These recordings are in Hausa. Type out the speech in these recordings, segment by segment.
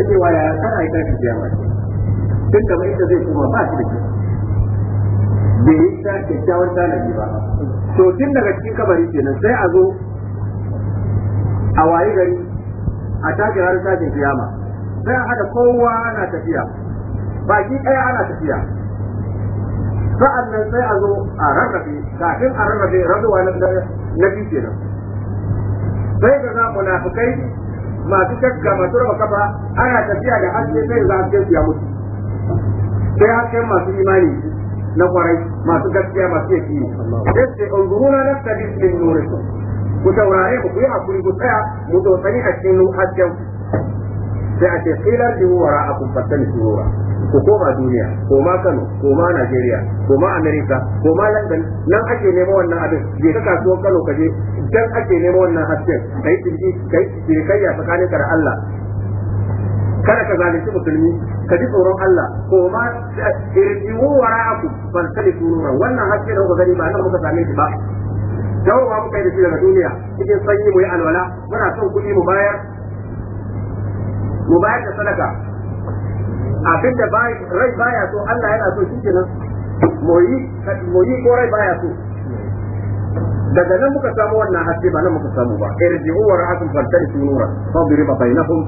da cewa ya kan aika shi kiyama tun da mai zai kuma ba shi da shi bai yi ta kyakkyawar tanadi ba to tun daga cikin kabari kenan sai a zo a wayi gari a tafi har tashin kiyama sai a haɗa kowa ana tafiya baki ɗaya ana tafiya sa'an nan sai a zo a rarrabe kafin a rarrabe rabuwa na biyu kenan sai ga za munafukai masu shakka masu raba kafa ana tafiya da haske sai za haske su ya mutu sai hasken masu imani na kwarai masu gaskiya masu yaki sai sai unguruna na tabi min nurikum ku taurare ku yi hakuri ku tsaya mu tsotsani a cikin hasken sai a ce qilar da wara a fatani surura ku koma duniya koma Kano koma Najeriya koma Amerika koma London nan ake nema wannan abin je ka kasuwar Kano kaje dan ake nema wannan hasken kai tinji kai cinikayya tsakaninka da Allah kada ka zalunci musulmi ka ji tsoron Allah ko ma eh, wara wara'aku ban sani sunura wannan haske da kuka gani ba nan muka same shi ba dawowa muka yi da shi daga duniya cikin sanyi mu yi alwala muna son kuɗi mu bayar mu bayar da sadaka abin da rai baya so Allah yana so shikenan moyi moyi ko rai baya so daga nan muka samu wannan haske ba nan muka samu ba irji'u wa ra'akum faltanisu nura fadriba bainahum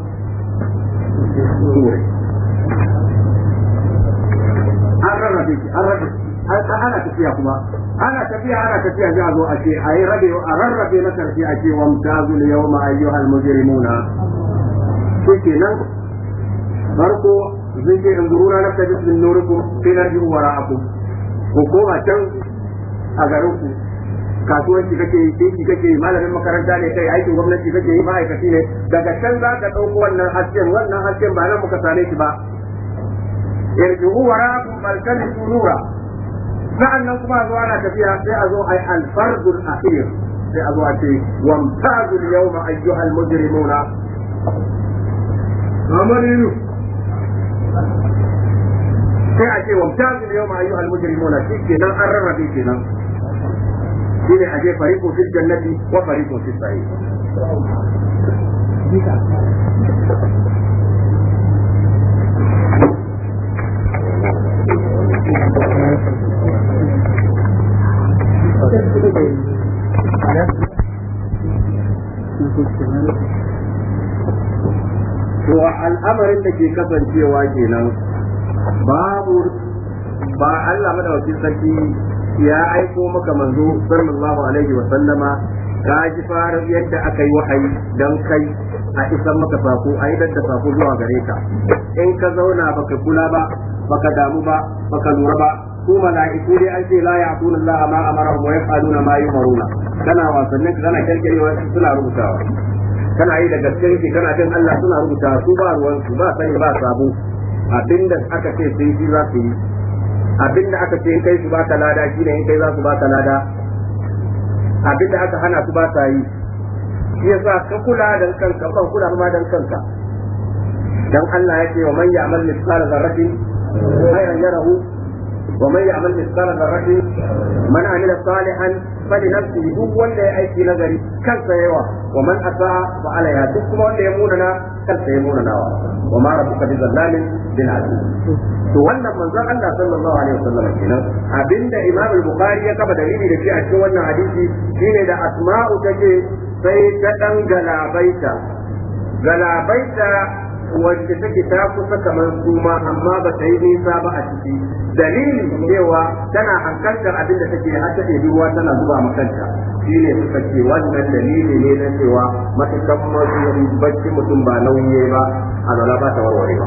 an rarrabe ki an rabe ana tafiya kuma ana tafiya ana tafiya za a zo a ce a yi rabe a rarrabe na karfi a ce wa mutazu yawma ayyuhal ke nan farko zai ce in zurura na kaji min nurikum sai na jiru wara aku ko koma can a garin ku kasuwanci kake yi sai kake yi malamin makaranta ne kai aikin gwamnati kake yi ma'aikaci ne daga can za ka ɗauko wannan hasken wannan hasken ba nan muka same shi ba kun wara aku malkani nura sa'an nan kuma zuwa na tafiya sai a zo a ai alfardul akhir sai a zo a ce wamtazul yawma ayyuhal mujrimuna kamar yinu sai a ce wamtazil yawma ayyuhal mujrimuna shi kenan an rarrabe kenan shi ne a je fariko fil jannati wa fari ko sa'ir Thank you. to al'amarin da ke kasancewa kenan babu ba Allah madawacin sarki ya aiko maka manzo sallallahu alaihi wa sallama ka ji fara yadda aka yi wahayi don kai a isan maka sako a yi da sako zuwa gare ka in ka zauna baka kula ba baka damu ba baka lura ba ko mala'iku dai an ce la ya'tuna Allah ma amara wa yaf'aluna ma yumaruna kana wasannin kana kirkirewa suna rubutawa kana yi da gaskiyar ke kana jin Allah suna rubuta su ba ruwan su ba sani ba sabo abinda aka ce sai shi za su yi abinda aka ce kai su baka lada shine in kai za su baka lada abinda aka hana su ba sa yi shi yasa ka kula da kanka ba kula ma dan kanka dan Allah yake wa man ya'mal mithqala dharratin khayran yarahu ومن يعمل مثقال ذرة من عمل صالحا فلنفسه duk wanda ya aiki nazari kansa yawa wa man asaa fa alaiha duk kuma wanda ya munana kansa ya munanawa wa ma rabbuka bi zallamin bil aziz to wannan manzon Allah sallallahu alaihi wasallam kenan abinda Imam bukhari ya kafa dalili da shi a cikin wannan hadisi ne da asma'u take sai ta galabaita galabaita wacce take ta kusa kamar suma amma ba ta yi nisa ba a ciki dalilin cewa tana hankaltar abin da take har take ɗebi tana zuba makanta shi ne suka ce wannan dalili ne na cewa matakan masu bacci mutum ba nauyi ba a ba ta warware ba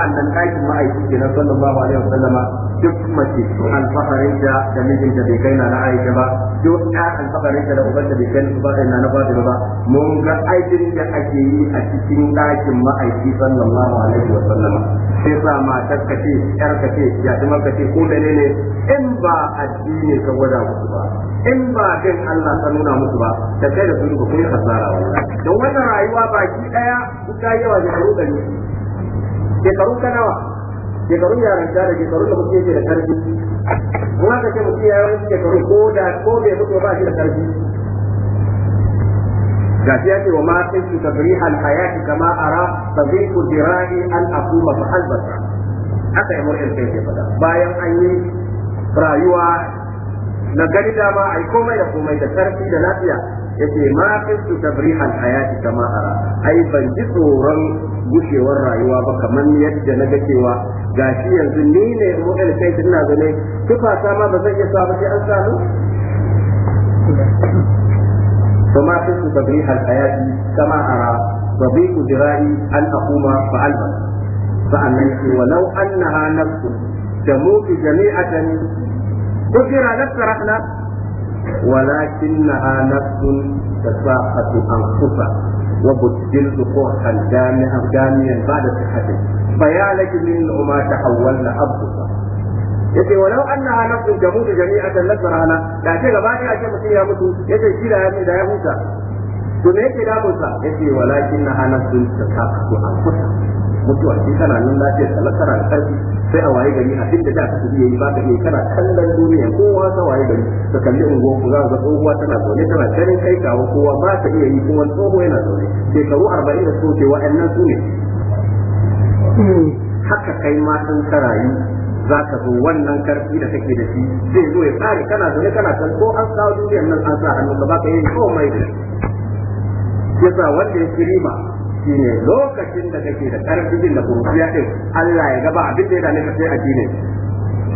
sa'an nan ɗakin ma'aiki kenan sallallahu alaihi sallama duk mace alfaharin da da mijinta bai kai na na aisha ba duk ya alfaharin da uban da bai kai su ba na na da ba mun ga aikin da ake yi a cikin ɗakin ma'aiki sallallahu alaihi wa sallama sai sa matar ka ce yar ka ce yatimar ka ce ko da ne ne in ba addini ka gwada musu ba in ba bin Allah ka nuna musu ba da kai da su duka kun yi hasara wallahi don wannan rayuwa baki daya duk yawa da shekaru ke karu kana nawa shekarun yaranta da shekarun da mutum yake da karfi Mun ka ce mutum ya yi shekaru ko da ko bai mutu ba shi da karfi gashi ya ce wa ma tsinci tabrihal hayati kama ara tabiku dirahi an akuma fa albasa haka imar irkai ke fada bayan an yi rayuwa na gani dama a yi komai da komai da sarki da lafiya ya ce ma fi su tabri alhaya ta kama a ai ban ji tsoron gushewar rayuwa ba kaman yadda na ga cewa Gashi yanzu ni ne mu ɗan kai tun na zane tufa ma ba zai iya sa ba sai an sa to ma fi su tabri alhaya ta kama a ra ba bi ku jira'i an akuma fa alba fa annan ce walau annaha nafsu tamu bi jami'atan ذكر ذكر احنا ولكنها نفس تساقط ko وبدلت قرحا جامعا جامعا بعد صحته فيا min منهما تحولنا ابصر na walau annaha nafsun tamutu jami'atan la tarana da ce gaba ɗaya ce mutum ya mutu yace shi da ya da ya huta to me yake damunsa walakin na da ta an mutuwa shi kana nan lafiyar ka lasara da karfi sai a waye gari a inda da ta tafi biyayi ba ka iya kana kallon duniya kowa ta waye gari ka kalli unguwan ku za ka ga tsohuwa tana zaune tana karin kai kawo kowa ba ta iya yi kuma tsoho yana zaune shekaru arba'in da suke wa'annan su ne haka kai ma sun karayi za ka zo wannan karfi da kake da shi zai zo ya tsare kana zaune kana kan ko an kawo duniyar nan an sa hannu ka ba ka yi mai da shi yasa wanda ya fi rima shine lokacin da kake da karfin da kuruciya din Allah ya gaba abin da ya dame ka sai addini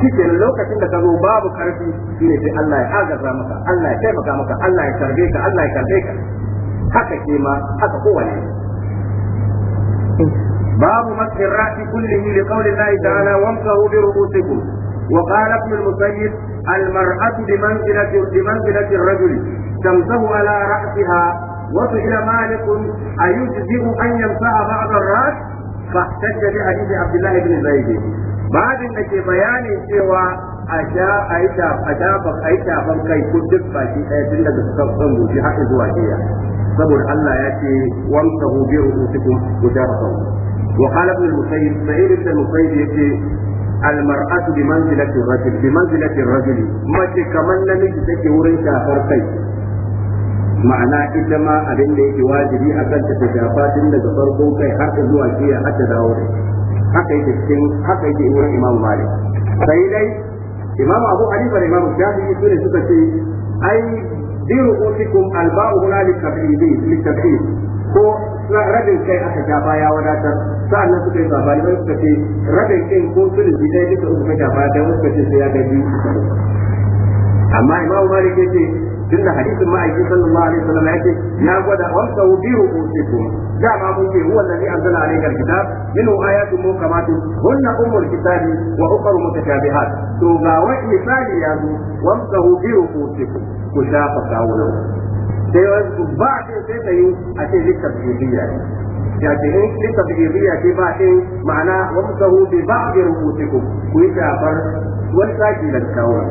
shike lokacin da ka zo babu karfi shine sai Allah ya agaza maka Allah ya taimaka maka Allah ya karbe ka Allah ya karbe ka haka ke ma haka kowane باب مسح الرأس كله لقول الله تعالى وامسحوا برؤوسكم وقال ابن المسيب المرأة بمنزلة بمنزلة الرجل تمسح على رأسها وسئل مالك أيجزئ أن ينفع بعض الراس فاحتج بحديث عبد الله بن زيد بعد أنك بيان سوى أشاء أيتا أشاء أيتا فمكي كدك فاشي أيتين لك تكفن وشي حق زواجية صبر الله يأتي وامسه برؤوسكم وجاركم وقال ابن المسيب سعيد بن المسيب يأتي المرأة بمنزلة الرجل بمنزلة الرجل ما كمان نمجي تكي ورنشا فرقي ma'ana ita ma abin da yake wajibi a kan ta shafa tun daga farkon kai har ka zuwa kiya har ta dawo da haka yake cikin haka yake wurin Imam Malik sai dai Imam Abu Hanifa da Imam Shafi'i sune suka ce ai diru utikum alba'u huna li tabibi li ko rabin kai aka ja ya wadatar sa'annan suka yi safari ba suka ce rabin kai ko ne dai duka uku ka ja dan wasu suka ce sai ya gaji Amma amma Imam Malik yake tunda hadisin ma'aikin sallallahu alaihi wasallam ya ce ya gwada wamsa biyu ko ce kuma da ma mun ce huwa allazi anzala alaykal kitab minhu ayatun muhkamatun hunna ummul kitabi wa ukhra mutashabihat to ga wani misali ya zo wamsa biyu ko ce ku shafa kawunan sai wasu ba a ce sai ta yi a ce littafiyya ya ce in littafiyya ce ba ce ma'ana wamsa bi ba'di rubutikum ku yi shafar wani saki da kawunan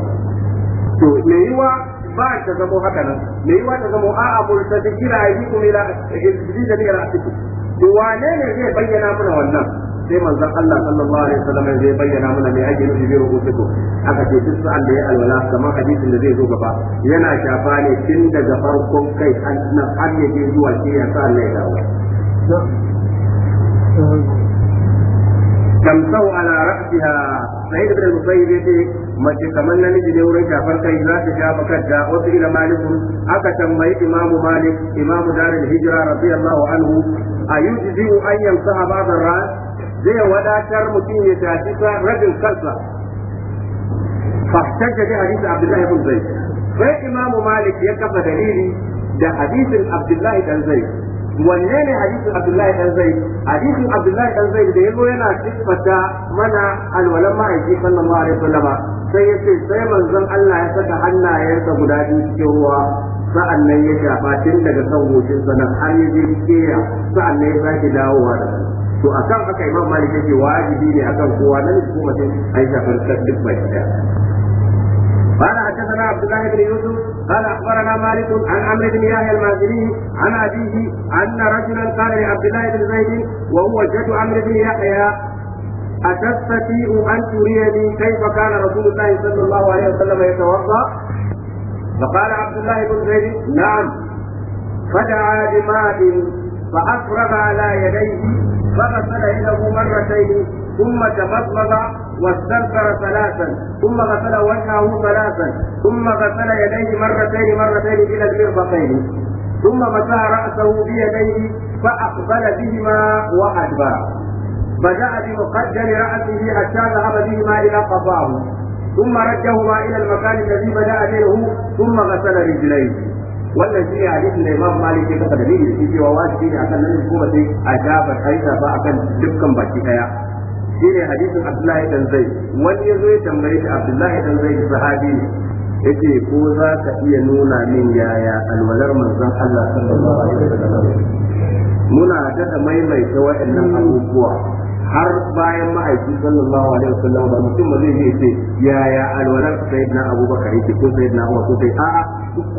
to me yiwa ba ta zamo haka nan me yiwa ta zamo a'a multadikira ayyukum ila iblis eh, eh, ila atiku to wane ne zai bayyana mana wannan sai manzon Allah sallallahu alaihi wasallam zai bayyana mana me ake nufi bi rubutuku aka ce duk sa'an da ya alwala kamar hadisin da zai zo gaba yana shafa ne tun daga farkon kai na har ya je zuwa ke ya sa Allah ya dawo tamsau ala ra'siha sayyid ibn musayyib mace kamar miji ne wurin shafar kai za ta shafa kanta wasu ila malikun aka tambayi imamu malik imamu darul hijra radiyallahu anhu ayujizu an yansaha ba'd ar-ras zai wadatar mutum ya tafi rabin kansa fahtaja bi hadith abdullahi ibn zai. sai imamu malik ya kafa dalili da hadisin abdullahi dan zaid wanne ne hadisin abdullahi dan zai hadisin abdullahi dan zai da yazo yana tsifata mana alwalan ma'aiki sallallahu alaihi wasallam sai yace sai manzon Allah ya saka hannayensa guda biyu cikin ruwa sa'an nan ya shafa tun daga kan goshin sa har ya je keya sa'an nan ya sake dawowa da to akan haka imam malik yake wajibi ne akan kowa nan ko mace ai shafar duk baki Ba bana حدثنا عبد Abdullahi بن Yusuf? قال اخبرنا مالك عن عمرو بن يحيى المازني عن ابيه ان رجلا قال لعبد الله بن زيد وهو جد عمرو بن يحيى أتستطيع أن تريني كيف كان رسول الله صلى الله عليه وسلم يتوضأ؟ فقال عبد الله بن زيد: نعم. فدعا بماء فأفرغ على يديه فغسل يده مرتين ثم تمضمض واستنفر ثلاثا ثم غسل وجهه ثلاثا ثم غسل يديه مرتين مرتين إلى المرفقين ثم مسح رأسه بيديه فأقبل بهما وأدبر بدأ بمقدم رأسه حتى ذهب بهما إلى قفاه ثم رجهما إلى المكان الذي بدأ منه ثم غسل رجليه wannan shi ne hadisin da Imam Malik ya kafa dalili da shi cewa wajibi ne akan nan hukuma sai a shafa kai ba akan dukkan baki daya shine hadisin Abdullahi dan zai wani ya zo ya tambaye shi Abdullahi dan zai sahabi ne ce ko za ka iya nuna min yaya alwalar manzon Allah sallallahu alaihi wasallam muna daɗa maimaita waɗannan abubuwa har bayan ma'aiki sallallahu alaihi wasallam ba mutum zai yi ce yaya alwalar sayyidina abubakar yake ko sayyidina umar ko sai a'a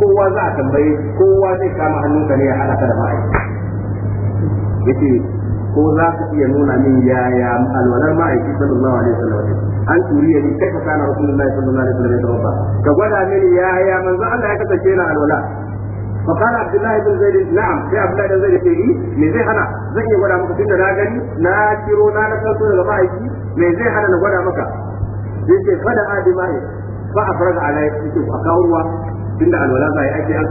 kowa za a tambaye kowa zai kama hannunka ne ya hada ka da ma'aiki yake ko za ka iya nuna min yaya alwalar ma'aiki sallallahu alaihi wasallam an turiya ni kai ka kana rasulullahi sallallahu alaihi wasallam ya ka gwada min yaya manzo Allah ya kasance na alwala فقال عبد الله بن زيد نعم في عبد الله بن زيد تيجي من زي na زي ولا na لا غني لا كيرو لا نكسو لا zai من زي هنا نقول مكا يجي فدا ادي باي فافرغ على يكتب اكاوروا tunda alwala ba ake an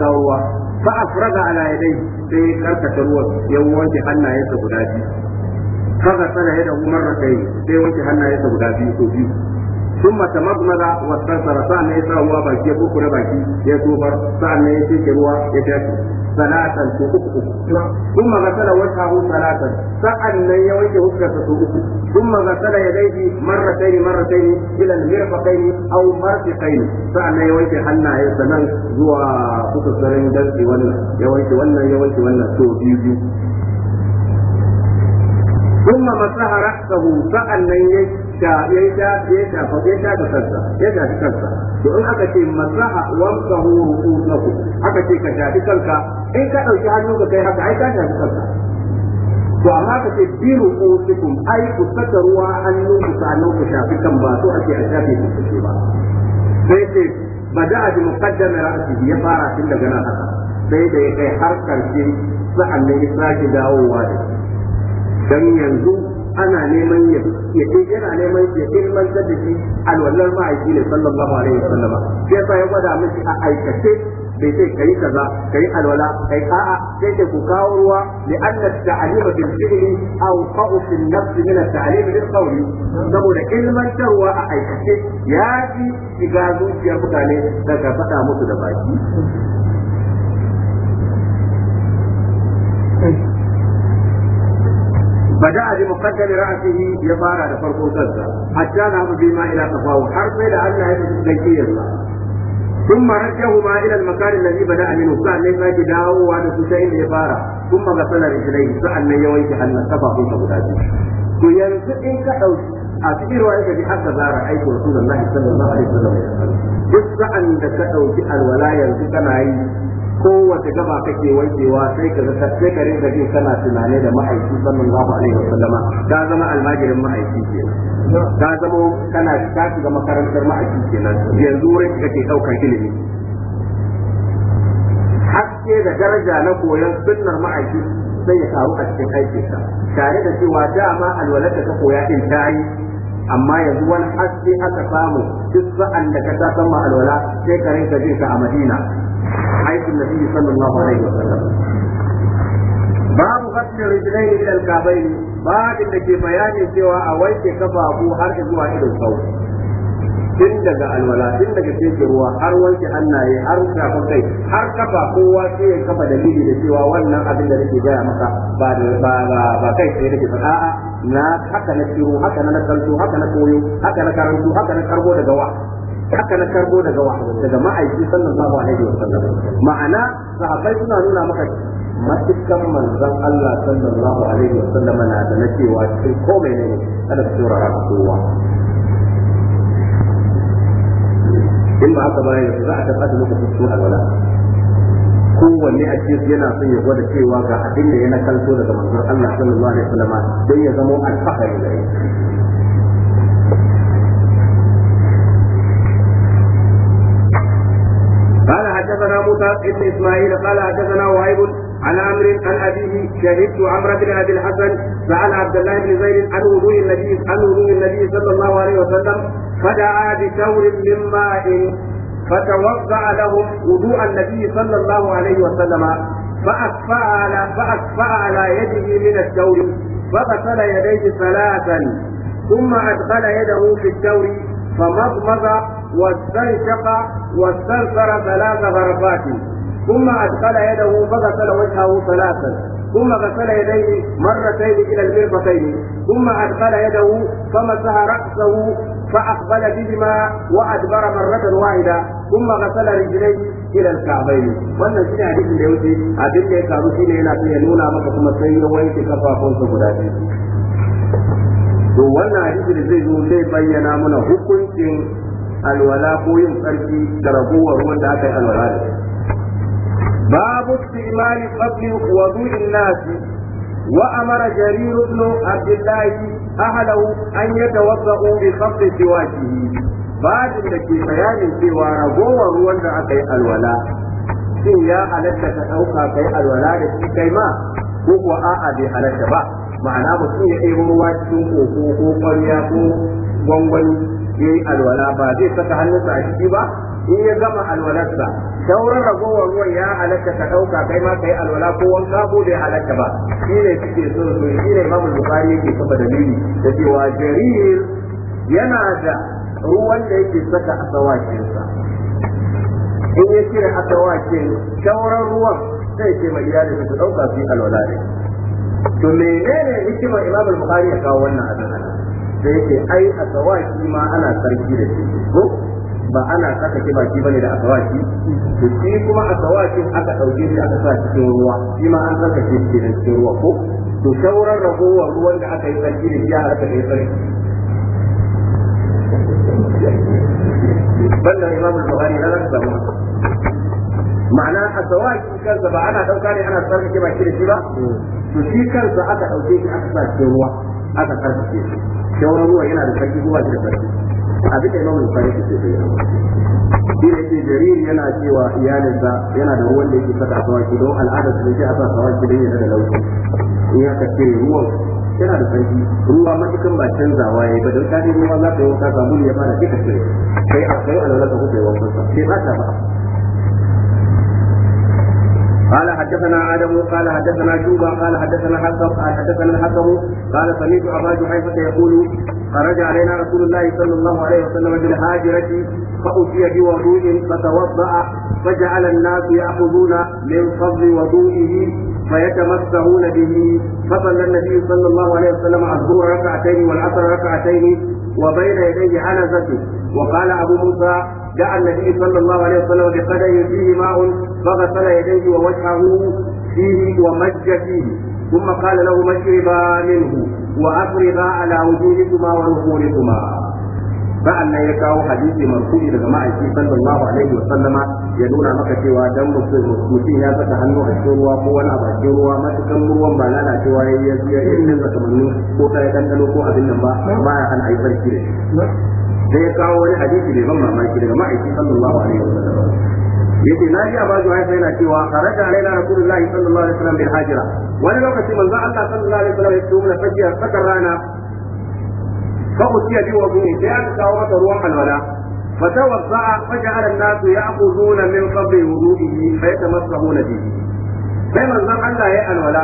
fa afrada ala yadayhi sai ya karkata ruwan ya wanke hannayensa guda biyu kaza sana yadda umar rakai sai wanke hannayensa guda biyu ko biyu sun mata magmada wasan sarasa na ya sa ruwa baki ya kukura baki ya tofar sa'an na ya ke ruwa ya tafi salatan su uku kuma ga sala wata hu sa'an nan ya wanke hukka su uku kuma ga ya dai marra sai ni marra sai ni ila mirfa ni au marfi kai ni sa'an nan ya wanke hannaye sanan zuwa kusa sarin dantsi wannan ya wannan ya wannan to biyu biyu kuma masahara sahu sa'an nan yayi ta ya yi ya ta fa ya ta kansa ya ta kansa to in aka ce masaha wamsahu rukusahu aka ce ka tafi kanka in ka dauki hannu ka kai haka ai ka tafi kanka to amma ka ce biru usikum ai ku saka ruwa hannu ku sanu ku shafi kan ba so ake a shafe ku ba sai ce bada bi muqaddam ra'sihi ya fara tun daga nan haka sai da ya kai har karshe sa'an ne ya sake dawowa da dan yanzu ana neman ya ce yana neman ya ilmantar da shi alwallar ma'aiki ne sallallahu alaihi wasallam sai sai ya gwada miki a aikace bai sai kai kaza kai alwala kai a'a sai ce ku kawo ruwa li anna ta'lima bil fi'li aw qa'u fil nafs min at bil qawli saboda ilmantarwa a aikace ya fi shiga zuciyar mutane daga faɗa musu da baki بدأ بمقدم رأسه يطار على فرق حتى ذهب بما إلى تفاوض حرفه لأن لا يجب الله ثم رجهما إلى المكان الذي بدأ منه كان لما يجداه وعن سشين يطار ثم غسل رجليه سأل من يويك أن نتفى في فبداته ينسق إنك أو أتبه رؤيك بحق ذار أيك رسول الله صلى الله عليه وسلم جس أن تكتو في الولاية كما kowace gaba kake wankewa sai ka zaka sai ka rinka jin kana tunane da ma'aiki sallallahu alaihi sallama, ka zama almajirin ma'aiki kenan ka zama kana ka shiga makarantar ma'aiki kenan yanzu wurin kake daukar ilimi haske da daraja na koyon sunnar ma'aiki sai ya karu a cikin aikinka tare da cewa dama alwalata ta koya din tayi amma yanzu wani haske aka samu duk sa'an da ka ta san alwala sai ka rinka jin ka a Madina حيث النبي صلى الله عليه وسلم باب غسل الرجلين الى الكعبين بعد da ke bayani cewa a wanke kafafu har zuwa irin sau tun daga alwala tun daga teke ruwa har wanke annaye, har shafin kai har kafa kowa sai ya kafa dalili da cewa wannan abin da nake gaya maka ba ba kai sai nake faɗa na haka na ciro haka na nakalto haka na koyo haka na karanto haka na karbo daga wa haka na karbo daga daga ma'aiki sallallahu alaihi wa sallam ma'ana sahabbai suna nuna maka matukan manzon Allah sallallahu alaihi wa sallam na da na cewa cikin komai ne kada su turara kowa in ba haka ba bane za a tabbata lokacin su alwala kowanne a cikin yana son ya gwada cewa ga abin da ya nakalto daga manzon Allah sallallahu alaihi wa sallam dai ya zama alfahari da موسى بن اسماعيل قال حدثنا وهيب عن امر عن ابيه شهدت عمرو بن ابي الحسن سال عبد الله بن زيد عن وضوء النبي عن وضوء النبي صلى الله عليه وسلم فدعا بثور من ماء فتوضا لهم وضوء النبي صلى الله عليه وسلم فأكفأ على فأكفأ على يده من الثور فغسل يديه ثلاثا ثم أدخل يده في الثور فمضمض واستنشق واستنثر ثلاث ضربات ثم أدخل يده فغسل وجهه ثلاثا ثم غسل يديه مرتين إلى المرفقين ثم أدخل يده فمسح رأسه فأقبل بهما وأدبر مرة واحدة ثم غسل رجليه إلى الكعبين wannan ne hadisin da ya wuce abin da ya karu shine yana so ya nuna maka kuma sai ya wanke kafafunsa guda biyu to wannan hadisin da zai zo zai bayyana mana hukuncin alwala ko yin tsarki da ragowar ruwan da aka yi alwala da babu istimali qabli wudu'in nasi wa amara jarir ibn abdullahi ahlahu an yatawadda'u bi qabli siwakihi babin da ke bayanin cewa ragowar ruwan da aka yi alwala shin ya halatta ka dauka kai alwala da shi kai ma ko kuwa a'a bai halatta ba ma'ana mutum ya ɗebo ruwa cikin koko ko ƙwarya ko gwangwani ya yi alwala ba zai saka hannunsa a ciki ba in ya gama alwalarsa sauran ragowar ruwan ya halatta ka ɗauka kai ma ka yi alwala ko wanka ko bai halatta ba shi ne suke so su shi ne imamu bukari yake kafa dalili da cewa jarir yana da ruwan da yake saka a tsawakinsa in ya cire a tsawakin sauran ruwan sai ce mai iyalin su ɗauka su yi alwala ne to menene hikimar imamul bukari ya kawo wannan abin da yake ai a tsawaki ma ana sarki da shi ko ba ana saka ke baki bane da asawaki to shi kuma asawaki aka dauke shi aka sa cikin ruwa shi ma an saka shi cikin ruwa ko to shauran ragowar ruwan da aka yi sarki da shi aka yi sarki banda imam al-bukhari na rasa mu ma'ana asawaki kansa ba ana dauka ne ana sarki ke baki da shi ba hmm. to shi kansa aka dauke shi aka sa cikin ruwa aka sarki shi shawarar ruwa yana da sarki ko ba shi da sarki a duka imamu da sarki ke da shi da ce jariri yana cewa iyalinsa yana da ruwan da yake saka sawaki don al'adar su yake a sa sawaki don yana da laushi in ya kakkire ruwan yana da sarki ruwa matukan ba canzawa ya yi ba don kare ruwa za ka yi wanka samu ya fara kika kire sai a kai alwala ka kuka yi wankansa sai ba ta ba قال حدثنا آدم قال حدثنا شوبة قال حدثنا الحكم قال حدثنا الحكم قال سمعت أبا جحيفة يقول خرج علينا رسول الله صلى الله عليه وسلم بالهاجرة فأتي بوضوء فتوضأ فجعل الناس يأخذون من فضل وضوئه فيتمسحون به فصلى النبي صلى الله عليه وسلم الظهر ركعتين والعصر ركعتين وبين يديه عنزة وقال أبو موسى دعا النبي صلى الله عليه وسلم بقدر فيه ماء فغسل يديه ووجهه فيه ومج فيه ثم قال له مشربا منه وأفرغا على وجوهكما ونفوركما sa'annan ya kawo hadisi marfu'i daga ma'aiki sallallahu alaihi wa sallama ya nuna maka cewa dan mutum ya saka hannu a cikin ruwa ko a cikin ruwa matukan ruwan ba lalacewa ya yi ya yi nan ko ta ko abin nan ba ya a yi sai ya kawo wani hadisi mai ban mamaki daga ma'aikin sallallahu alaihi wa wasallam yace na ji abazu haifa yana cewa kharaja alaina rasulullahi sallallahu alaihi wasallam bil hajira wani lokaci manzo Allah sallallahu alaihi wa wasallam ya tumu na fajiya sakar rana fa utiya bi wa buni sai aka kawo masa ruwan alwala فتوضأ فجعل الناس يأخذون من قبل وضوئه فيتمسحون به sai manzon Allah ya alwala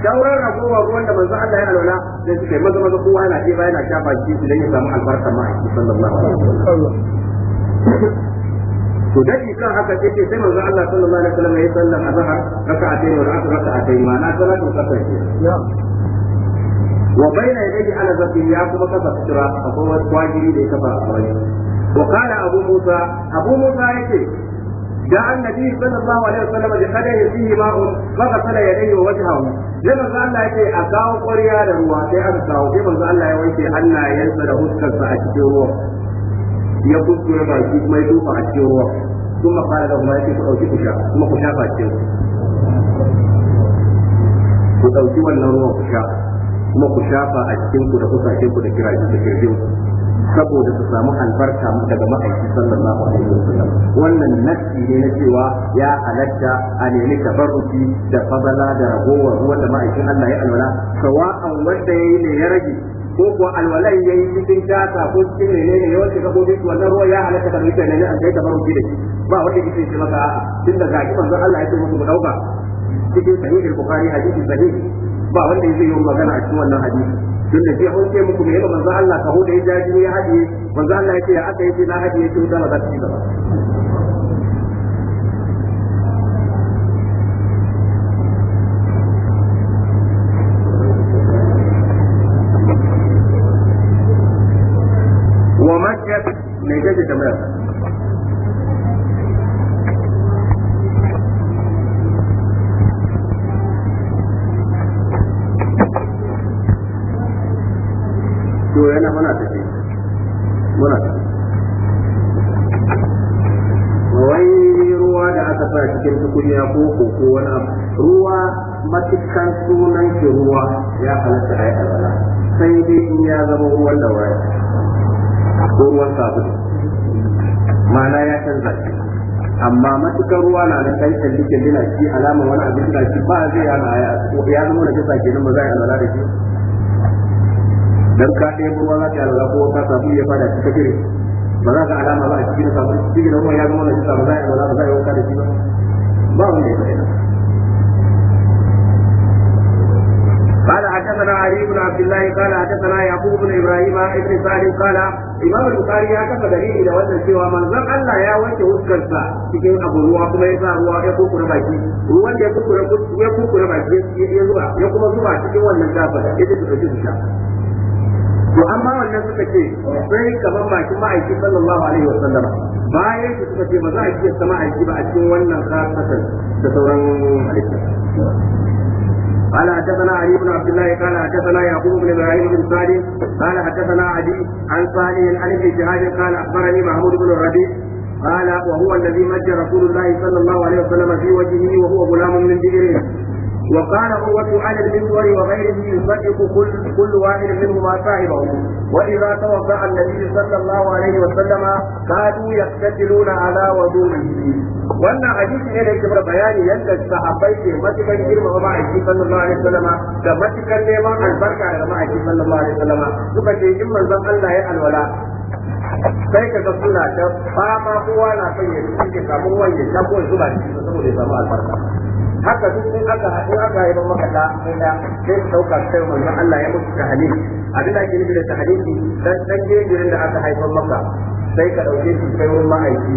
shauran ragowar ruwan da manzo Allah ya alwala sai suke maza maza kowa yana ɗeba yana shafa shi idan ya samu albarkar ma'aiki sallallahu alaihi wasallam to da kan haka yake sai manzo Allah sallallahu alaihi wasallam ya sallam azhar raka'atayn wa asr raka'atayn ma na salatu kasai wa bayna yadayhi ala zafi ya kuma kasa sutura akwai wani wajiri da ya kafa a wani وقال أبو موسى أبو موسى يقول جاء النبي صلى الله عليه وسلم بقدر فيه ماء فغسل يديه ووجهه لما قال الله يكي أكاو قريا لروا سي أكاو لما قال الله يكي أن ينسى له سكر فأشكي روا يقول كل ما يشوف ما يشوف فأشكي روا ثم قال له ما يكي فأوشي كشا ثم كشا فأشكي روا ku ɗauki wannan ruwan ku sha kuma ku shafa a cikinku da kusashenku da kirajen da kirjinku saboda su samu albarka daga ma'aiki sallallahu alaihi wasallam wannan nafsi ne na cewa ya halatta a nemi tabarruki da fadala da ragowar ruwa da ma'aikin Allah ya alwala sawa'an wanda yayi ne ya rage ko kuwa alwalai yayi cikin tasa ko cikin menene ya wace gabobi su wannan ruwa ya halatta da mutum ne an kai tabarruki da shi ba wanda yake ce maka a'a tunda ga ki manzon Allah ya ce musu mu dauka cikin sahih al-bukhari hadisi sahih ba wanda yake yin magana a cikin wannan hadisi tun da jiya hauke muku ne manzo Allah ka da ya jaji ya hadiye manzo Allah ya ce ya aka yi na hadiye tun da ba ta ci gaba to yana muna tafi muna tafi wai ruwa da aka sa cikin tukunya ko koko wani abu ruwa matukan sunan shi ruwa ya halatta a yi alwala sai dai in ya zama ruwan da waya ko ruwan sabulu mana ya canza shi amma matukar ruwa na da kai kan dukkan dina shi alamar wani abin da shi ba zai yana ya zama da kisa kenan ba za a yi alwala da shi dan ka ɗaya ruwa za ka alwala ko ka samu ya fada cikin kire ba za ka alama ba a cikin samu cikin ruwa ya zama na shi samu za a alwala ba za a yi wanka da shi ba ba wanda ya fahimta قال حدثنا علي بن عبد الله قال حدثنا يعقوب بن ابراهيم ابن سالم قال امام البخاري يا كفى دليل الى وزن سوى من زق الله يا وجه وسكر سا cikin abu ruwa kuma ya sa ruwa ya kukura baki ruwan da ya kukura ya kukura baki ya zuba ya kuma zuba cikin wannan kafa da ya zuba cikin sha to amma wannan suka ce sai kaman bakin ma'aiki sallallahu alaihi wa sallam bayan su suka ce ba za a iya sama aiki ba a cikin wannan kasar da sauran halitta قال حدثنا علي بن عبد الله قال حدثنا يعقوب بن ابراهيم بن سعد قال حدثنا عدي عن صالح عن ابن شهاب قال اخبرني محمود بن الربيع قال وهو الذي مج رسول الله صلى الله عليه وسلم في وجهه وهو غلام من بئره وقال قوة على المنبر وغيره يصدق كل, كل واحد منهما صاحبه وإذا توضأ النبي صلى الله عليه وسلم كانوا يقتتلون على وضوءه wannan hadisi ne da yake mana bayani yadda sahabbai ke matukan girma ma'aiki sallallahu alaihi wasallam da matukan neman albarka daga ma'aiki sallallahu suka ce in manzon Allah ya alwala sai ka ga suna ta fama kowa na son ya kamar wani ya shafo zuba shi saboda ya zama albarka haka duk in aka haɗu aka haifar maka da sai da sai su ɗauka sai manzon Allah ya mutu ta halin abin da ake nufi da ta halin dan dan gidan da aka haifar maka sai ka ɗauke shi kai wurin ma'aiki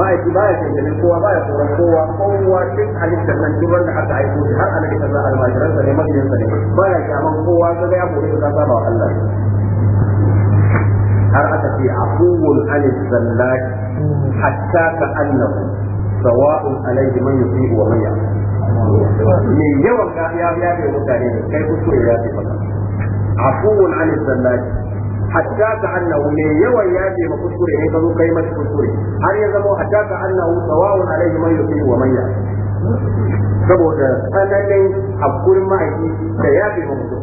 ma'aiki baya kankanin kowa ba ya tsoron kowa kowa duk halittar nan duk wanda aka aiko shi har ana da kasa almajiran sa ne mabiyan sa ne ya kyaman kowa ka ga ya bore ka saba wa Allah har aka ce afuwul alif zallaki hatta ka annahu sawa'un alayhi man yusibu wa man ya'mal mai yawan kariya ya bai mutane da kai kuskure ya ce maka afuwun an sallaci hatta ka annahu mai yawan ya ce ma kuskure ne ka zo kai masa kuskure har ya zama hatta ka annahu sawawun alaihi man yusi wa man ya saboda tsananin hakurin ma'aiki da ya bai mutum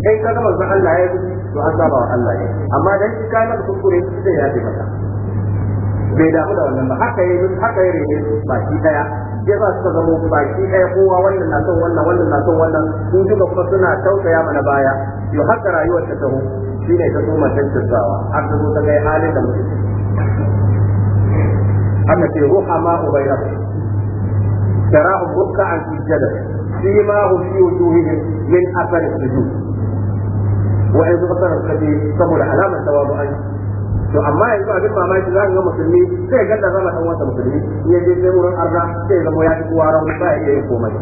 in ka ga manzon Allah ya yi to an saba wa Allah ne amma dan shi kai maka kuskure sai ya ce maka bai damu da wannan ba haka ya yi haka yayi ne baki daya ya sa suka zama baki ɗaya kowa wannan na son wannan wannan na son wannan sun duka kuma suna tausaya mana baya yau haka rayuwar ta taho shi ne ta tsoma tantancewa har ta zo ta kai halin da mutum amma ce ruha ma ubayrahu tarahum ruk'an fi jadal fima hum fi wujuhihim min athar sujud wa in qasara saboda alamar tawabu'an to amma yanzu abin mamaki za ka ga musulmi sai ga zama dan wata musulmi in yaje sai wurin arza sai ga ya ci kuwa ba ba iya yin komai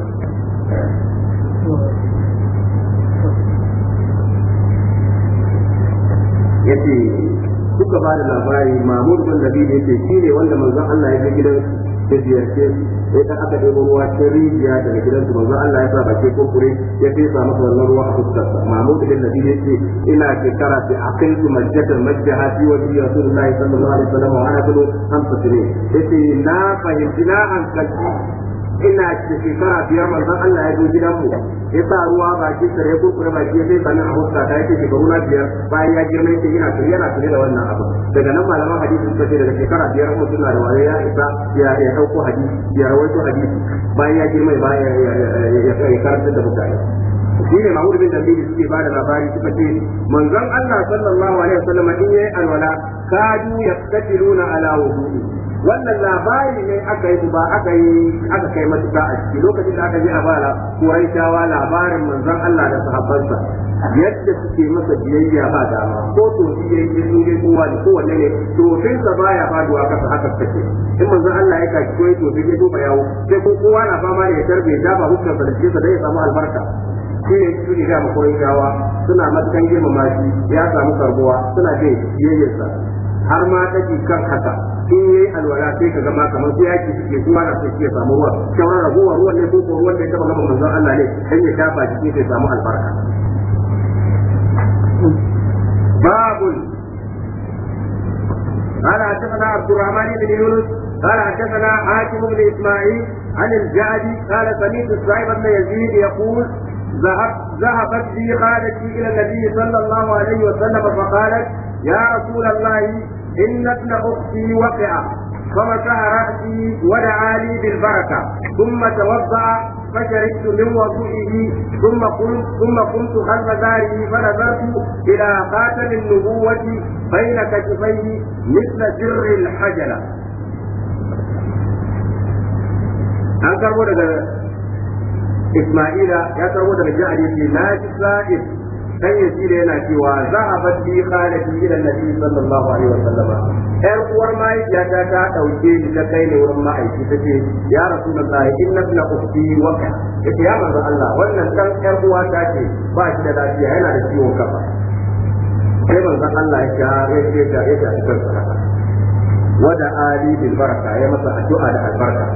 yace kuka ba da labari mamud bin nabi yake shine wanda manzon Allah ya ga gidan ya ziyarce su sai aka ɗebo ruwa cikin rijiya daga gidansu manzo Allah ya sa bakin kurkure ya fesa masa wannan ruwa a fuskarsa Mahmud bin Nabi ya ce ina shekara fi aqiltu majjatan majjaha fi wajhi Rasulullahi sallallahu alaihi wasallam wa ana kullu hamsa sinin yace na fahimci na an ina da shekara biyar manzon Allah ya zo gidanmu ya sa ruwa baki sare ko kuma baki sai sanin a huska ta yake shekaru na biyar bayan ya girma yake ina tuni yana tuni da wannan abu daga nan malaman hadisi suka ce daga shekara biyar mutum na da waye ya isa ya ya dauko hadisi ya rawaito hadisi bayan ya girma ya ya karanta da mutane shi ne mahmud bin dalili suke ba da labari suka ce manzon Allah sallallahu alaihi wasallam in yayi alwala kadu yaqtatiluna ala wudu'i wannan labari ne aka yi ba aka yi aka kai matuka a ciki lokacin da aka ji a bala shawa labarin manzon Allah da sahabbansa yadda suke masa biyayya ba dama ko to ya yi ne kowa ne ko wanne ne to sa baya faduwa kasa haka take in manzon Allah ya kaci koyi to ya ko ba yawo sai ko kowa na fama da ya tarbe ya ba hukkan sa da sa da ya samu albarka shi ne su ne da shawa suna matukan girmama shi ya samu karbuwa suna bin biyayyarsa har ma take kan haka in yayi alwala sai ka gama kamar sai yaki suke su ma sai ya samu ruwa shawara ragowar ruwan ne ko ruwan da ya taba gama manzon Allah ne dan ya shafa jiki sai samu albarka babul قال حدثنا عبد الرحمن بن يونس قال حدثنا حاتم بن اسماعيل عن الجعدي قال سمعت صعيب بن يزيد يقول ذهب ذهبت لي خالتي الى النبي صلى الله عليه وسلم فقالت يا رسول الله إن ابن أختي وقع فمسح رأسي ودعا لي بالبركة ثم توضأ فشربت من وضوئه ثم قمت ثم قمت خلف داره فنظرت إلى خاتم النبوة بين كتفيه مثل سر الحجلة. أنكر إسماعيل يا ترى هذا الجاهل في ناجي dan yazid yana cewa za a zahabat bi khalati ila nabi sallallahu alaihi wasallam yar uwar mahaifiyata ta dauke ni ta kai ni wurin ma'aiki tace ya rasulullahi inna ibna ukhti wa ka yace ya manzo Allah wannan dan yar uwa ta ce ba shi da lafiya yana da ciwon kafa sai manzo Allah ya ce ya ce ya ce wada ali bil baraka ya masa addu'a da albarka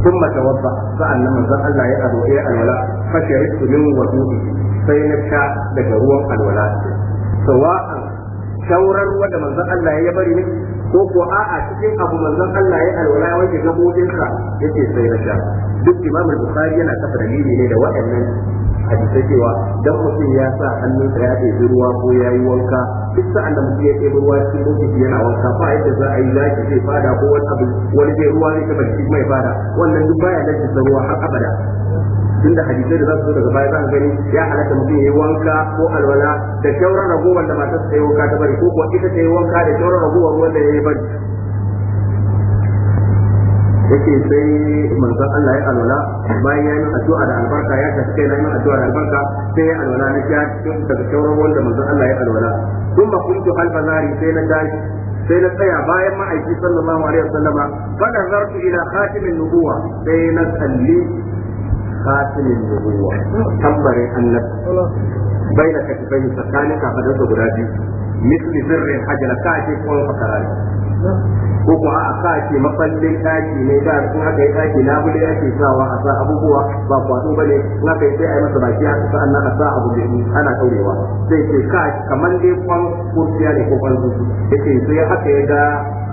ثم توضأ فأن من الله يأذو إلى الولاء فشربت من وضوئه sai na sha daga ruwan alwala sawa'an shauran ruwa da manzon Allah ya bari ne ko ko a'a cikin abu manzon Allah ya alwala ya ga gabobin sa yake sai na sha duk Imam Bukhari yana kafa dalili ne da waɗannan hadisai cewa dan mutum ya sa hannunsa ya ɗebi ruwa ko yayi wanka duk sa'an da mutum ya ɗebi ruwa cikin lokaci yana wanka ba yadda za a yi zaki zai fada ko wani abu wani zai ruwa zai taɓa cikin mai fada wannan duk baya da ruwa har abada tunda hadisai da za su zo daga baya zan gani ya halatta mutum ya yi wanka ko alwala da shauran ragowar da matar ta yi wanka ta bari ko kuwa ita ta yi wanka da shauran ragowar wanda ya yi bari yake sai manzon Allah ya alwala bayan ya yi addu'a da albarka ya tafi kai na yi addu'a da albarka sai ya alwala na sha cikin daga shauran ruwan da manzon Allah ya alwala kuma kuntu halbazari sai na tashi sai na tsaya bayan ma'aiki sallallahu alaihi wasallam fa nazartu ila khatimin nubuwa sai na kalli khatimin nubuwa tambarin annabi baina katifai tsakanin kafadar da guda biyu misli birrin hajjala ka ake kwan fakara ko ko a ka ake mafallin daki ne da sun haka yi daki na bude ake sawa a sa abubuwa ba kwato bane in haka yi sai a yi masa baki haka sa annan a sa abu da ana kaurewa sai ce ka kamar kwan kurciya ne ko kwan zuzu sai haka ya ga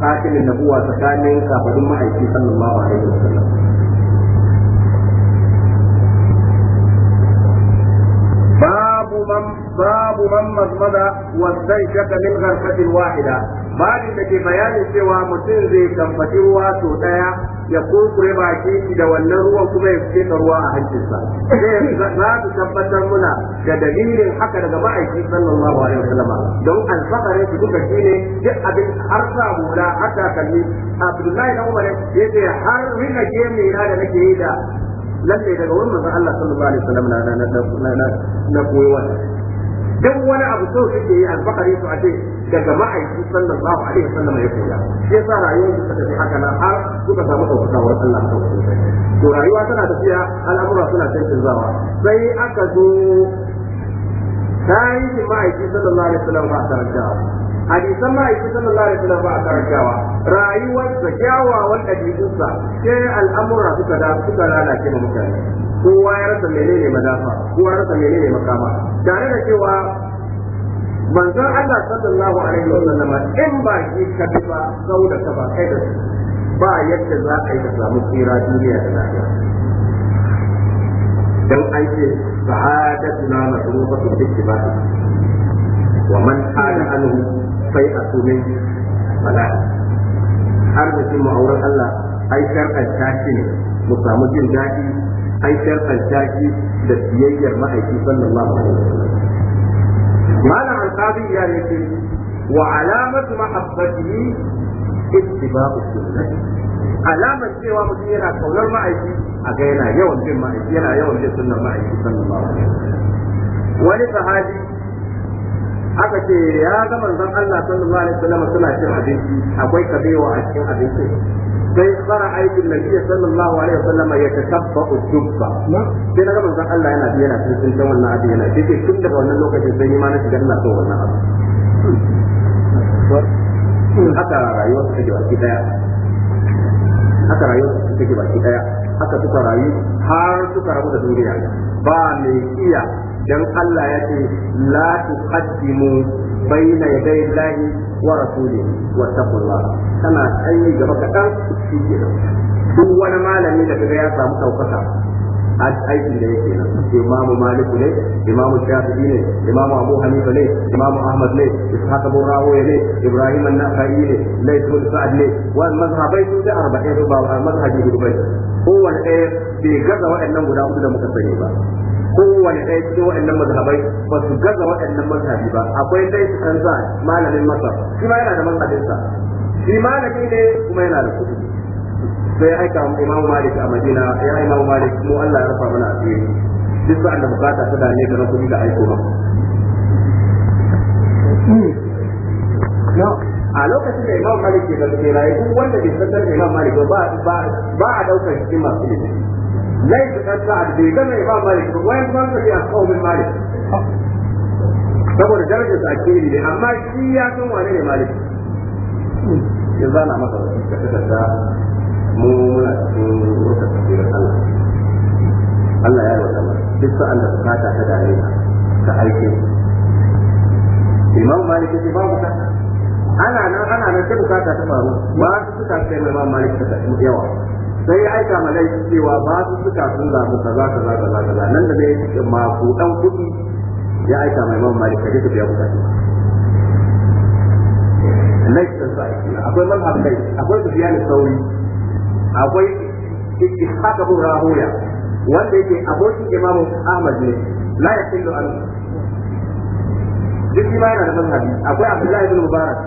khatimin nubuwa tsakanin kafadun ma'aiki sallallahu alaihi wasallam babu man mazmada wa zaitaka min gharfatin wahida babin da ke bayanin cewa mutum zai kamfaci ruwa sau ɗaya ya kurkure baki da wannan ruwan kuma ya fita ruwa a hancinsa sai za ku tabbatar muna da dalilin haka daga ma'aiki sallallahu alaihi wasallam don alfakarin su duka shine duk abin har sa hula har takalmi abdullahi dan umar yace har rika gemi na da nake yi da lalle daga wurin manzon Allah sallallahu alaihi wasallam na na na na koyi duk wani abu so kake yi albakari su ake daga ma'aiki sallallahu alaihi wasallam ya koya shi yasa rayuwar su take haka nan har suka samu daukaka wa Allah ta to rayuwa tana tafiya al'amura suna cancanzawa sai aka zo tarihin ma'aiki sallallahu alaihi wasallam ba karantawa hadisan ma'aiki sallallahu alaihi wasallam ba karantawa rayuwar da kyawawan dabi'unsa sai al'amura suka da suka lalace da mutane kowa ya rasa menene madafa kowa ya rasa menene makama tare da cewa manzon Allah sallallahu alaihi wa sallam in ba ki kafi ba sau da ka ba kai da ba yadda za ka yi ka samu tsira duniya da lafiya dan aike sa'adatuna masrufatu bi ittiba'i wa man hada anhu a min fala har da mu auren Allah ai shar'ar tashi ne mu samu jin daɗi aikar shar'anta da siyayyar ma'aiki sallallahu alaihi wasallam malam al-qadi ya yake wa alamatu mahabbatihi ittiba'u sunnah alamar cewa mutum yana kaunar ma'aiki a ga yana yawan bin ma'aiki yana yawan bin sunnar ma'aiki sallallahu alaihi wasallam wani sahabi aka ce ya ga manzon Allah sallallahu alaihi wasallam suna cin abinci akwai kabewa a cikin abinci sai fara aikin nabi sallallahu alaihi wasallam ya tasabba ujubba sai na ga manzon Allah yana biya yana cikin san wannan abin yana sai tun daga wannan lokacin sai ni ma na shiga ina so wannan abin hmm. haka rayuwar ta take baki daya haka rayuwar su take baki daya haka suka rayu har suka rabu da duniya ba mai iya dan Allah ya ce la tuqaddimu baina yaday Allah wa rasulihi wattaqullah kana tsayi gaba ka kadan shi ke duk wani malami da kaga ya samu daukaka aikin da yake nan imamu maliku ne imamu shafi'i ne imamu abu hanifa ne imamu ahmad ne ishaq bin rawiya ne ibrahim an-nakhai ne layth bin sa'd ne wa mazhabai su da arba'in ba mazhabi gudu bai ɗaya bai gaza waɗannan guda uku da muka sani ba kowane ɗaya cikin waɗannan mazhabai ba su gaza waɗannan mazhabi ba akwai dai su kan za malamin masar shi ma yana da mazhabinsa shi malami ne kuma yana da kuɗi sai aika imamu malik a madina ya imamu malik mu Allah ya rufa mana asiri duk sa'an da bukata ta dame ka na kuɗi da aiko ba a lokacin da imam malik ke gaske rayu wanda bai san imam malik ba a daukar cikin masu ilimi ليس قد سعد bai gama imam مالك ba wayan ban ka ya kawo min malik saboda darajar sa ke ne amma shi ya wane ne malik da ta mu muna cikin ruka tafiyar Allah Allah ya yi wa zama bukata ta dare ka aike imam malik yawa sai ya aika malaiki cewa ba su suka sun zaɓi kaza kaza kaza kaza nan da ne mako dan kuɗi ya aika mai imam malik kaje ka biya bukatu laifin sa'i akwai mazhab kai akwai tafiya da sauri akwai haka abu rahuya wanda yake abokin imamu ahmad ne la yasillu an duk ma yana da mazhabi akwai abdullahi ibn mubarak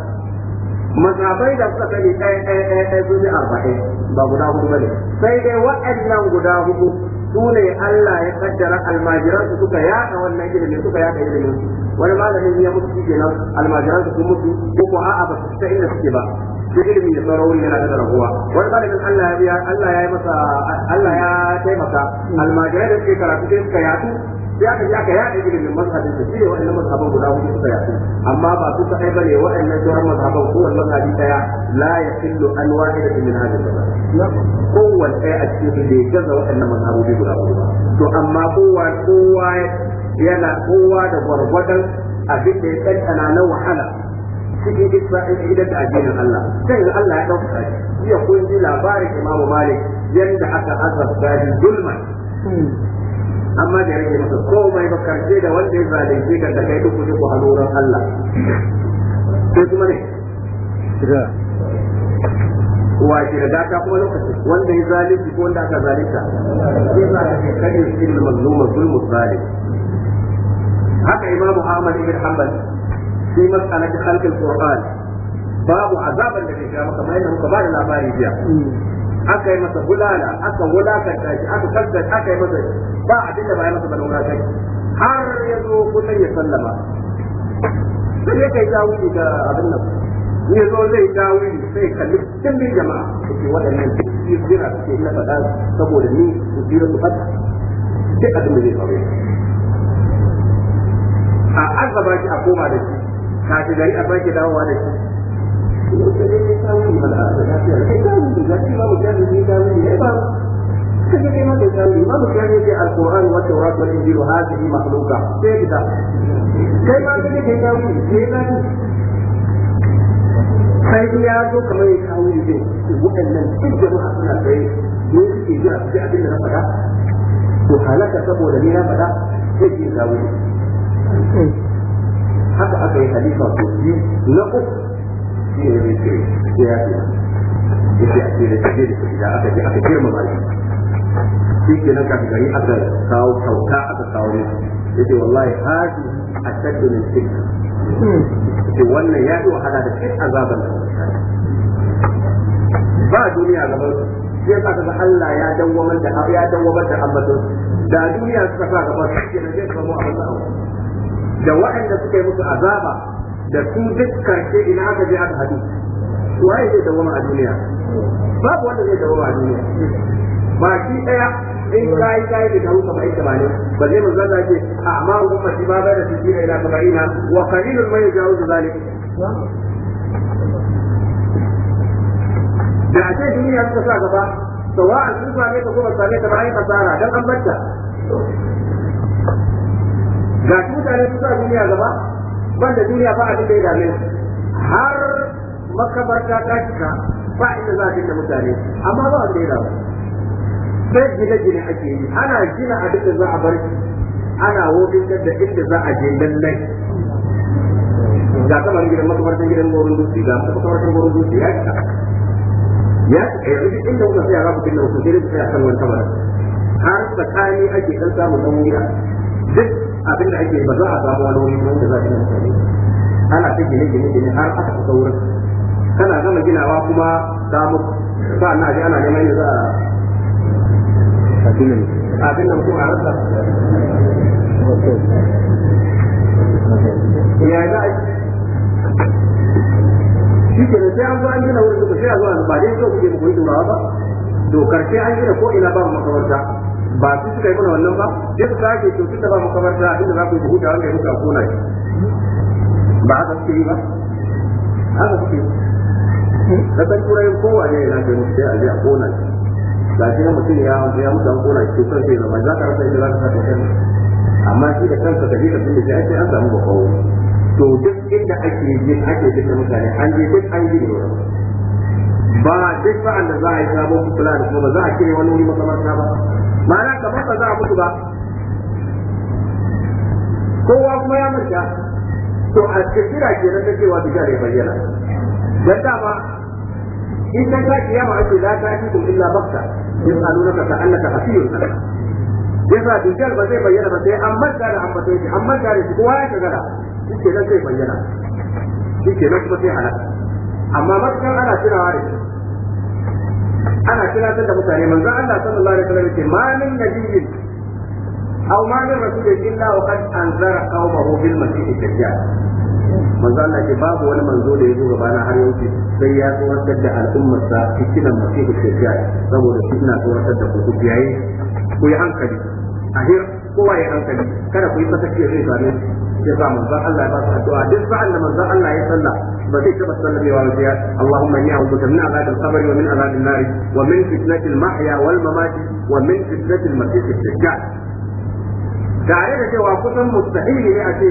mazhabai da suka sani ɗaya ɗaya ɗaya ɗaya sun yi arba'in ba guda hudu ba ne sai dai waɗannan guda hudu su ne Allah ya kaddara almajiran su suka yaɗa wannan ilimin suka yaɗa ilimin wani malamin ya mutu shi kenan almajiran su sun mutu ko ko a'a ba su ta inda suke ba Su ilimin da sauran wuri yana da rahuwa wani malamin Allah ya Allah ya yi masa Allah ya taimaka almajirai da suke karatu sai suka yaɗu sai aka ji aka yaɗa ilimin mazhabin su shine wa'annan mazhaban guda hudu suka yaɗu amma ba su kai bane wa'annan sauran mazhaban ko wannan mazhabi daya la yaqillu an wahida min hadhihi ko wal ɗaya a cikin da ya gaza wa'annan mazhabobi guda hudu to amma kowa kowa yana kowa da gwargwadon abin da ya tsantsana na wahala cikin Isra'ila idan da addinin Allah sai Allah ya dauka shi jiya kun ji labarin Imam Malik yanda aka azabta shi zulman hmm. amma da rage masa komai ba karshe da wanda ya zalunce ka da kai duk kuje ku haluran Allah sai kuma ne wa ke da ka kuma lokaci wanda ya zalunci ko wanda aka zalunta sai za ka ce kadin shi da mazluma zulmu zalim haka imam Muhammad ibn Hanbal sai ta khalqil Qur'an babu azaban da ke ga maka mai muka ba da labari biya hmm. aka yi masa bulala aka wulakanta shi aka kaddar aka yi masa ba abin da ba ya masa ba don kai har ya zo kusan ya sallama zai ya kai wuce ga abin nan ya zo zai wuce sai kalli cikin jama'a ke waɗannan cikin jira ke na faɗa saboda ni su jira su faɗa duk abin da zai faru a azaba shi a koma da shi kafin gari a sake dawowa da shi ina kawo ne ba da lafiya, kai kawo shi ba da lafiya ba mu jami'in kawo ba ka je kai ma da tsari imamu shafi yake alquran wa tawrat wal injil hadhihi makhluqa sai kita kai ma da kai ka wuce sai ka sai ya zo kamar ya kawo ne zai waɗannan jama'a suna tsaye ne suke jira su abin da na faɗa to halaka saboda ni na faɗa sai ke kawo haka aka yi halifa ko biyu na uku shi ne zai ce ya ce ya ce a ce ya shi da aka ji aka girmama shi ke na gari aka kawo kyauta aka kawo ne yace wallahi hadi ashaddu min shirk yace wannan ya yi wahala da cikin azaban ba duniya gaban sai ka ga Allah ya dawwamar da ya dawwamar da ambaton da duniya suka sa gaban shi ke na zai samu abin da da waɗanda suka yi musu azaba da su duk karshe ina aka je aka hadu waye zai dawwama a duniya babu wanda zai dawwama a duniya Ba shi ɗaya. in kai kai da dawo ka bai tabani ba zai manzo Allah ce amma ummati ma ba da sirri ila tabaina wa qalilun man yajawizu zalik da a ce duniya ta sa gaba sawa'an sun same ka ko ba same ta ba a yi kasara don an bacca ga mutane su sa duniya gaba ban da duniya ba a da ya dame har makabarta ta cika ba inda za ka da mutane amma ba a wanda ya dame sai gine-gine ake yi ana gina abin da za a bar ana wofin da inda za a je lallai ga kamar gidan makamartan gidan gorin dutse ga makamartan gorin dutse ya cika ya cika yanzu inda kuka tsaya za ku kinna ku sai ku tsaya kan wani kamar har tsakani ake kan samu dan wuya duk abin da ake ba za a samu wani wuri wanda za a gina mutane ana ta gine-gine gine har aka kusa wurin kana gama ginawa kuma samu sa'an na je ana neman yadda za a abin abin nan ko a rasa ya za a shi ke sai an zo an gina wurin da sai a zo a ba dai kuke mu koyi an gina ko ina ba makamarta ba su suka yi mana wannan ba sai su sake to tunda ba makamarta inda za ku yi huta wanda ya muka kona shi ba haka suke yi ba haka suke yi kasan turai kowa ne ya lafiya musu sai a je a kona shi ba shi na mutum ya ya mutu an kona shi kan sai zama za ka rasa inda za ka sa kai amma shi da kansa ka je ka tunda shi ai an samu bakawo to duk inda ake jin ake yi da mutane an je duk an yi ne ba duk sa'an da za a yi sabon fitila da kuma ba za a kire wani wuri makamarta ba ma'ana kamar ba za a mutu ba kowa kuma ya manta to a cikin kira kenan ta cewa bisa da ya bayyana dan dama in ta ta yawa ake la ta ji kun illa bakta yasalunaka ka annaka hafiyun alim yasa dujjal ba zai bayyana ba sai an manta da an bato shi an manta da shi kowa ya shagara shi ke nan zai bayyana shi ke nan kuma sai halaka amma matakan ana tunawa da shi ana tunatar da mutane manzon Allah sallallahu alaihi wasallam ce ma min nabiyyin aw ma min rasulin illa wa qad anzara qaumahu bil masih dajjal manzo Allah ce babu wani manzo da ya zo gaba na har yau sai ya tsawatar da al'ummar sa fitinan masihu shirkiya saboda shi ina tsawatar da ku yayi ku yi hankali ahir kowa ya hankali kada ku yi fatake zai same ya sa manzo Allah ya ba su addu'a duk sa'an da manzo Allah ya sallah ba zai taba sallamewa ba sai Allahumma inni a'udhu min azabil qabri wa min azabil nar wa min fitnatil mahya wal mamat wa min fitnatil masiih ad-dajjal tare da cewa kusan mustahili ne a ce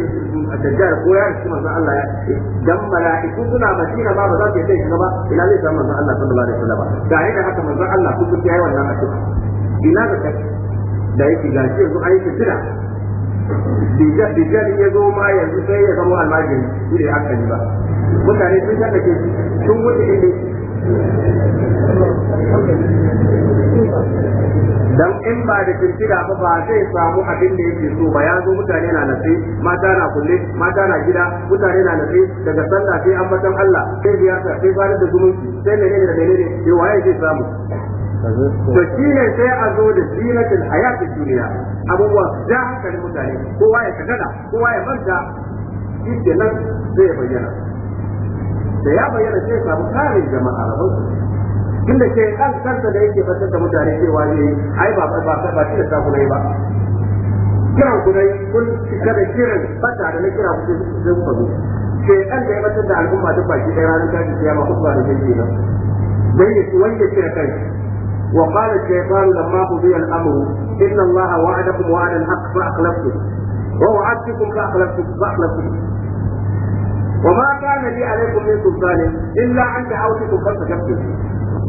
a tajjar ko ya shi manzo Allah ya ce dan mala'iku suna madina ba ba za su yi shiga ba ina zai samu manzo Allah sallallahu alaihi wasallam tare da haka manzo Allah kuma ya yi wannan aiki ina da kai da yake shi yanzu a yi fitina dijjal ya zo ma yanzu sai ya zama almajiri shi da hankali ba mutane sun shaɗa ke sun wuce ne dan in ba da kirkira ba ba zai samu abin da yake so ba ya zo mutane na nafi mata na kulle mata na gida mutane na nafi daga sallah sai an batan Allah sai ziyarta sai fara da zumunci sai ne da ne sai waye zai samu to shi ne sai a zo da zinatul hayati duniya abubuwa da hankalin mutane kowa ya kadada kowa ya manta shi nan zai bayyana da ya bayyana sai samu karin jama'a rabon inda ke kan kansa da yake batar da mutane ke ne ai ba ba ba ba kira ku ba kiran ku dai kun shiga da kiran tare da na kira ku sai ku fazo ke kan da ya da al'umma duk baki ɗaya ranar tashi ya ma ba da yake ba dan yake wanda kira kai وقال الشيطان لما قضي الامر ان الله وعدكم وعد الحق فاخلفتم ووعدتكم فاخلفتم وما كان لي عليكم من سلطان الا ان دعوتكم فاستجبتم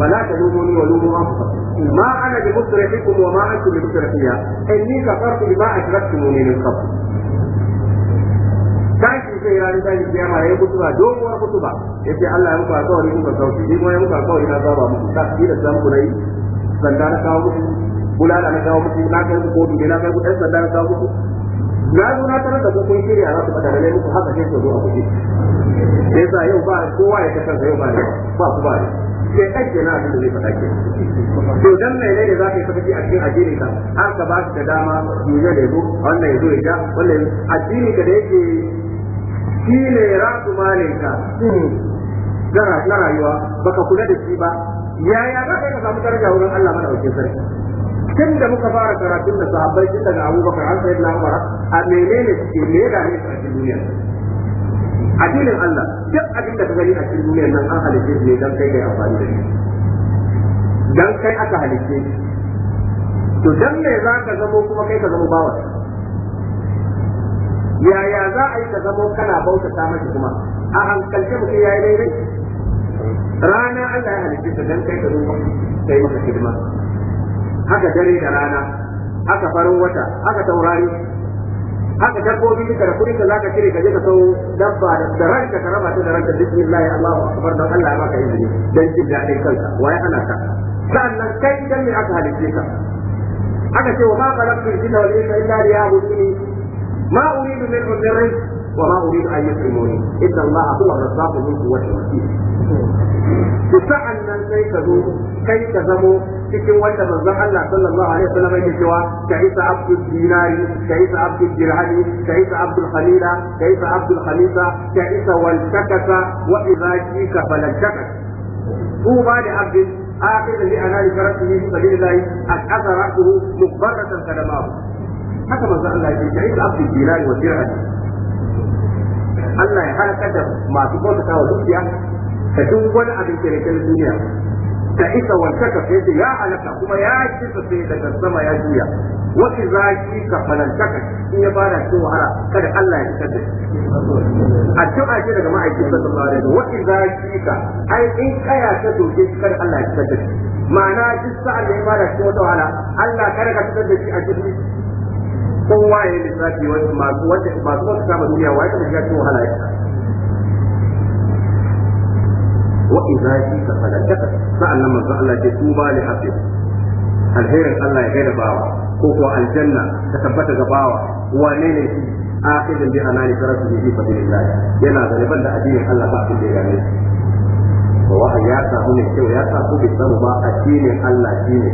فلا تلوموني ولوموا أنفسكم ما أنا بمصرخكم وما أنتم بمصرخية إني كفرت بما أشركتموني من قبل tashi sai ya rinta ni kiyama yayi kutuba doguwar kutuba ce Allah ya muku alƙawari kuka sauki ni ma ya muku alƙawari na zaba muku tafi da zan kuna yi sanda na kawo muku bulala na kawo muku na kai ku kotu na kai ku ɗan sanda na kawo muku na zo na tarar da kun shirya za su fada lalle muku haka sai su zo a kuɗi sai sa yau ba kowa ya kasance yau ba ne ba ku ba ne sai kai ke na abin da zai faɗa ke to dan mai ne za ka yi sakaci a cikin addini ka har ka ba shi da dama duniya da yazo wannan yazo ya ja wannan addini ka da yake shi ne rasu malinka na rayuwa baka kula da shi ba yaya za ka yi ka samu daraja wurin Allah mana madaukakin sarki tun da muka fara karatun da sahabbai tun daga abubakar an sayi na umar a menene suke me da ne a cikin duniya addinin Allah duk abin da ka gani a cikin duniya nan an halice ne dan kai kai amfani da shi dan kai aka halice shi to dan me za ka zamo kuma kai ka zamo bawa yaya za a yi ka zamo kana bauta ta mashi kuma a hankalce mutum yayi daidai rana Allah ya halice ta dan kai ka zo kai maka hidima haka dare da rana haka farin wata haka taurari haka dabbobi duka da kudin zaka kire ka je ka sau dabba da ranka ka raba ta da ranka bismillah Allahu akbar dan Allah ya maka izini dan jin daɗin kanka waye ana ka sannan kai dan me aka halice ka aka ce wa ma khalaqtu al-jinna wal insa illa liya'buduni ma uridu min rizq وما أريد أن يطعموني إن الله هو الرزاق ذو القوة ki sa'an nan sai ka zo kai ka zamo cikin wanda manzon Allah sallallahu alaihi wasallam yake cewa ka isa abdul dinari ka isa abdul dirhami ka isa abdul khalila ka isa abdul khamisa ka isa wal takasa wa idza jika falan takas tuba da abdul akhir li anali karatihi sabilillah akaza ra'suhu mubarratan kadamahu haka manzon Allah yake ka isa abdul dinari wa dirhami Allah ya halakar da masu bauta wa dukiya da duk wani abin da yake duniya ta isa wanka ka sai ya halaka kuma ya ci ta sai daga sama ya juya wata zaki ka falantaka in ya fara cikin wahala kada Allah ya fitar da A addu'a ce daga ma'aikin sallallahu alaihi wasallam wata zaki ka ai in kaya ta doke shi kada Allah ya fitar da shi ma'ana duk sa'ar da ya fara cikin wata wahala Allah kada ka fitar da shi a cikin kowa ya yi lissafi wasu masu wanda masu wata kama duniya wa ya kama shiga cikin wahala ya wa idza shi ka falaka sa'annan manzo Allah ke tuba li hafiz alherin Allah ya gaida bawa ko kuwa aljanna ta tabbata ga bawa wane ne shi aqidan bi anani tarafu bi fadlillah yana da riban da addinin Allah ba abin da ya gane shi wa ya samu ne kyau ya samu bi samu ba addinin Allah shine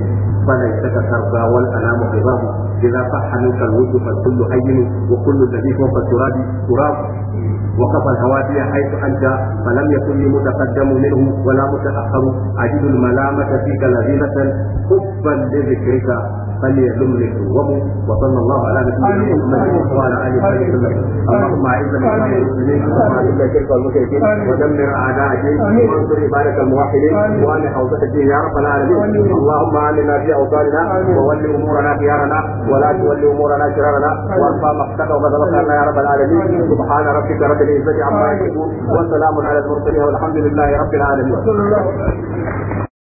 فليس كالتربى والأنام غضاب إذا صح منك الود فالكل هين وكل الذي فوق التراب تراب وقف الهوادي حيث أنت فلم يكن متقدم منه ولا متأخر أجد الملامة فيك لذيذة حبا لذكرك فليلمه وضوء وصلى الله على نبينا محمد وعلى اله وصحبه وسلم اللهم اعز المسلمين واعز الشرك والمشركين ودمر اعداء الدين وانصر عبادك الموحدين وان حوزه الدين يا رب العالمين اللهم علمنا في اوطاننا وول امورنا خيارنا ولا تول امورنا شرارنا وارفع مقتك وغضبك يا رب العالمين سبحان ربك رب العزه عما يصفون وسلام على المرسلين والحمد لله رب العالمين